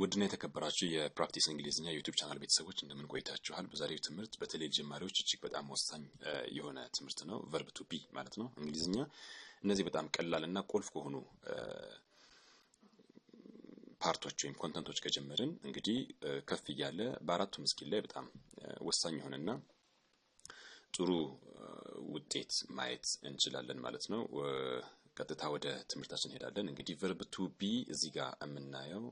ውድና የተከበራችሁ የፕራክቲስ እንግሊዝኛ ዩቱብ ቻናል ቤተሰቦች እንደምን ቆይታችኋል? በዛሬው ትምህርት በተለይ ጀማሪዎች እጅግ በጣም ወሳኝ የሆነ ትምህርት ነው። ቨርብ ቱ ቢ ማለት ነው እንግሊዝኛ። እነዚህ በጣም ቀላል እና ቁልፍ ከሆኑ ፓርቶች ወይም ኮንተንቶች ከጀመርን እንግዲህ ከፍ እያለ በአራቱ ምስኪል ላይ በጣም ወሳኝ የሆነና ጥሩ ውጤት ማየት እንችላለን ማለት ነው። ቀጥታ ወደ ትምህርታችን እንሄዳለን። እንግዲህ ቨርብ ቱ ቢ እዚህ ጋር የምናየው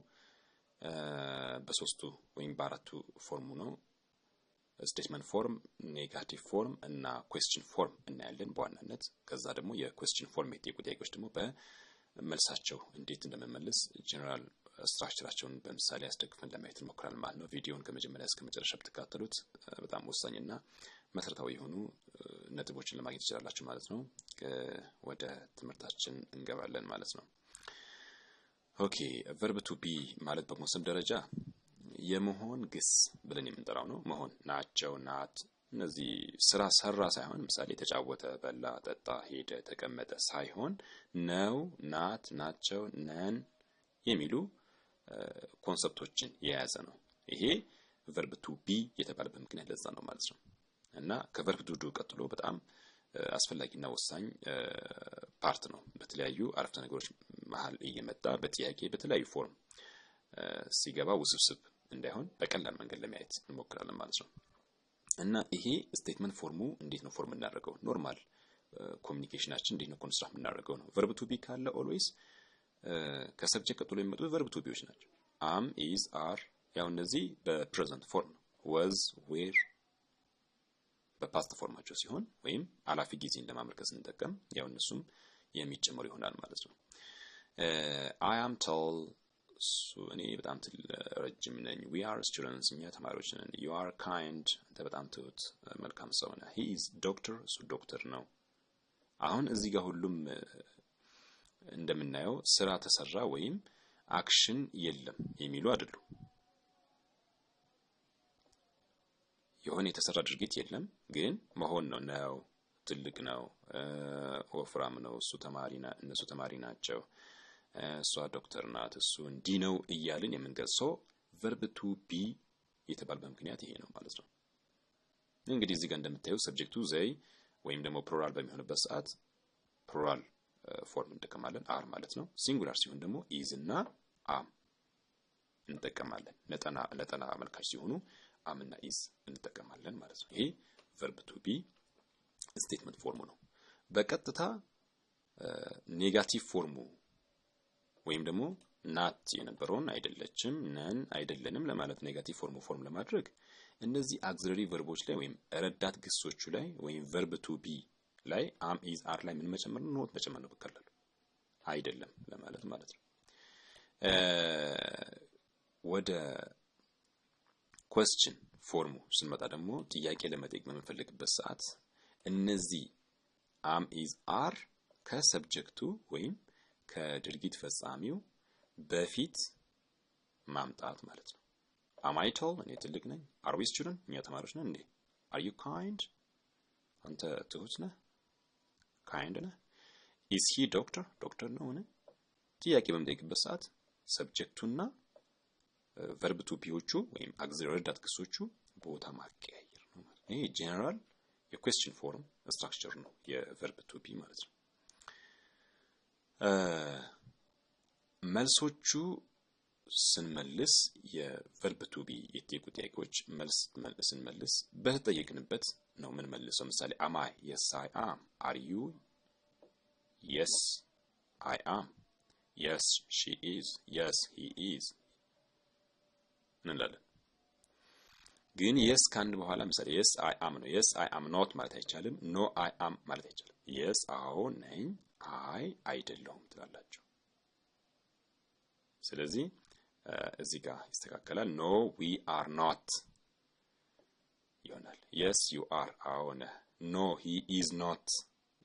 Eh, በሶስቱ ወይም በአራቱ ፎርሙ ነው። ስቴትመንት ፎርም፣ ኔጋቲቭ ፎርም እና ኩዌስችን ፎርም እናያለን በዋናነት። ከዛ ደግሞ የኩዌስችን ፎርም የጠየቁ ጥያቄዎች ደግሞ በመልሳቸው እንዴት እንደመመልስ ጀነራል ስትራክቸራቸውን በምሳሌ ያስደግፈን ለማየት እንሞክራል ማለት ነው። ቪዲዮውን ከመጀመሪያ እስከ መጨረሻ ብትካተሉት በጣም ወሳኝና መሰረታዊ የሆኑ ነጥቦችን ለማግኘት ይችላላችሁ ማለት ነው። ወደ ትምህርታችን እንገባለን ማለት ነው። ኦኬ ቨርብ ቱ ቢ ማለት በመውሰብ ደረጃ የመሆን ግስ ብለን የምንጠራው ነው። መሆን ናቸው፣ ናት። እነዚህ ስራ ሰራ ሳይሆን ምሳሌ ተጫወተ፣ በላ፣ ጠጣ፣ ሄደ፣ ተቀመጠ ሳይሆን ነው፣ ናት፣ ናቸው፣ ነን የሚሉ ኮንሰፕቶችን የያዘ ነው። ይሄ ቨርብ ቱ ቢ የተባለበት ምክንያት ለዛ ነው ማለት ነው። እና ከቨርብ ቱ ዱ ቀጥሎ በጣም አስፈላጊና ወሳኝ ፓርት ነው። በተለያዩ አረፍተ ነገሮች መሀል እየመጣ በጥያቄ በተለያዩ ፎርም ሲገባ ውስብስብ እንዳይሆን በቀላል መንገድ ለማየት እንሞክራለን ማለት ነው። እና ይሄ ስቴትመንት ፎርሙ እንዴት ነው ፎርም እናደርገው? ኖርማል ኮሚኒኬሽናችን እንዴት ነው ኮንስትራክት እናደርገው ነው። ቨርብ ቱ ቢ ካለ ኦልዌይስ ከሰብጀክት ቀጥሎ የሚመጡት ቨርብ ቱ ቢዎች ናቸው። አም፣ ኢዝ፣ አር ያው እነዚህ በፕሬዘንት ፎርም ወዝ፣ ዌር በፓስት ፎርማቸው ሲሆን ወይም አላፊ ጊዜን ለማመልከት ስንጠቀም ያው እነሱም የሚጨመሩ ይሆናል ማለት ነው። አያም ቶል እሱ እኔ በጣም ረጅም ነኝ። ዊ አር ስቱደንትስ እኛ ተማሪዎች ነን። ዩ አር ካይንድ አንተ በጣም ትሁት መልካም ሰው ነህ። ሂ ኢዝ ዶክተር እሱ ዶክተር ነው። አሁን እዚህ ጋር ሁሉም እንደምናየው ስራ ተሰራ ወይም አክሽን የለም የሚሉ አይደሉ። የሆነ የተሰራ ድርጊት የለም ግን መሆን ነው ነው ትልቅ ነው፣ ወፍራም ነው፣ እሱ ተማሪ እነሱ ተማሪ ናቸው እሷ ዶክተር ናት፣ እሱ እንዲህ ነው እያልን የምንገልጸው ቨርብ ቱ ቢ የተባለበት ምክንያት ይሄ ነው ማለት ነው። እንግዲህ እዚህ ጋር እንደምታዩ ሰብጀክቱ ዘይ ወይም ደግሞ ፕሮራል በሚሆንበት ሰዓት ፕሮራል ፎርም እንጠቀማለን፣ አር ማለት ነው። ሲንጉላር ሲሆን ደግሞ ኢዝ እና አም እንጠቀማለን። ነጠና ነጠና አመልካች ሲሆኑ አም እና ኢዝ እንጠቀማለን ማለት ነው። ይሄ ቨርብ ቱ ቢ ስቴትመንት ፎርሙ ነው። በቀጥታ ኔጋቲቭ ፎርሙ ወይም ደግሞ ናት የነበረውን አይደለችም፣ ነን፣ አይደለንም ለማለት ኔጋቲቭ ፎርም ፎርም ለማድረግ እነዚህ አግዚለሪ ቨርቦች ላይ ወይም ረዳት ግሶቹ ላይ ወይም ቨርብ ቱ ቢ ላይ አም ኢዝ አር ላይ ምን መጨመር ነው? ኖት መጨመር ነው። በቀላሉ አይደለም ለማለት ማለት ነው። ወደ ኮስችን ፎርሙ ስንመጣ ደግሞ ጥያቄ ለመጠየቅ በምንፈልግበት ሰዓት እነዚህ አም ኢዝ አር ከሰብጀክቱ ወይም ከድርጊት ፈጻሚው በፊት ማምጣት ማለት ነው። አማይተል እኔ ትልቅ ነኝ። አር ዊ ስቱደንት እኛ ተማሪዎች ነን እንዴ። አር ዩ ካይንድ አንተ ትሁት ነህ፣ ካይንድ ነህ። ኢዝ ሂ ዶክተር ዶክተር ነው ሆነ ጥያቄ በምጠይቅበት ሰዓት ሰብጀክቱና ቨርብ ቱ ቢዎቹ ወይም አግዚለሪ ረዳት ግሶቹ ቦታ ማቀያየር ነው ማለት። ይሄ ጄኔራል የኩዌስችን ፎርም ስትራክቸር ነው የቨርብ ቱ ቢ ማለት ነው። መልሶቹ ስንመልስ የቨርብ ቱቢ የተጠየቁ ጥያቄዎች መልስ ስንመልስ በተጠየቅንበት ነው መልሰው ምሳሌ አማ የስ አይ አም፣ አር ዩ የስ አይ አም፣ የስ ሺ ኢዝ፣ የስ ሂ ኢዝ እንላለን። ግን የስ ከአንድ በኋላ ምሳሌ የስ አይ አም ነው። የስ አይ አም ኖት ማለት አይቻልም። ኖ አይ አም ማለት አይቻልም። የስ አዎ ነኝ አይ አይደለሁም ትላላችሁ። ስለዚህ እዚህ ጋር ይስተካከላል። ኖ ዊ አር ኖት ይሆናል። የስ ዩ አር አሆነ። ኖ ሂ ኢዝ ኖት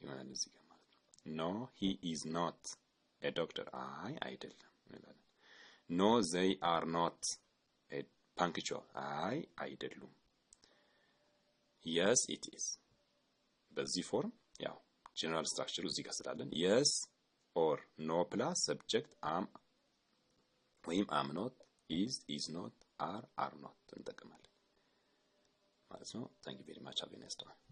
ይሆናል እዚህ ጋር ማለት ነው። ኖ ሂ ኢዝ ኖት ኤ ዶክተር። አይ አይደለም እንላለን። ኖ ዘይ አር ኖት ኤ ፓንክቹዋል። አይ አይደሉም። የስ ኢት ኢዝ በዚህ ፎርም ያው ጀነራል ስትራክቸሩ እዚህ ጋር ስላለን የስ ኦር ኖ ፕላስ ሰብጀክት አም ወይም አም ኖት ኢዝ ኢዝ ኖት አር አር ኖት እንጠቀማለን ማለት ነው። ታንክ ዩ ቬሪ ማች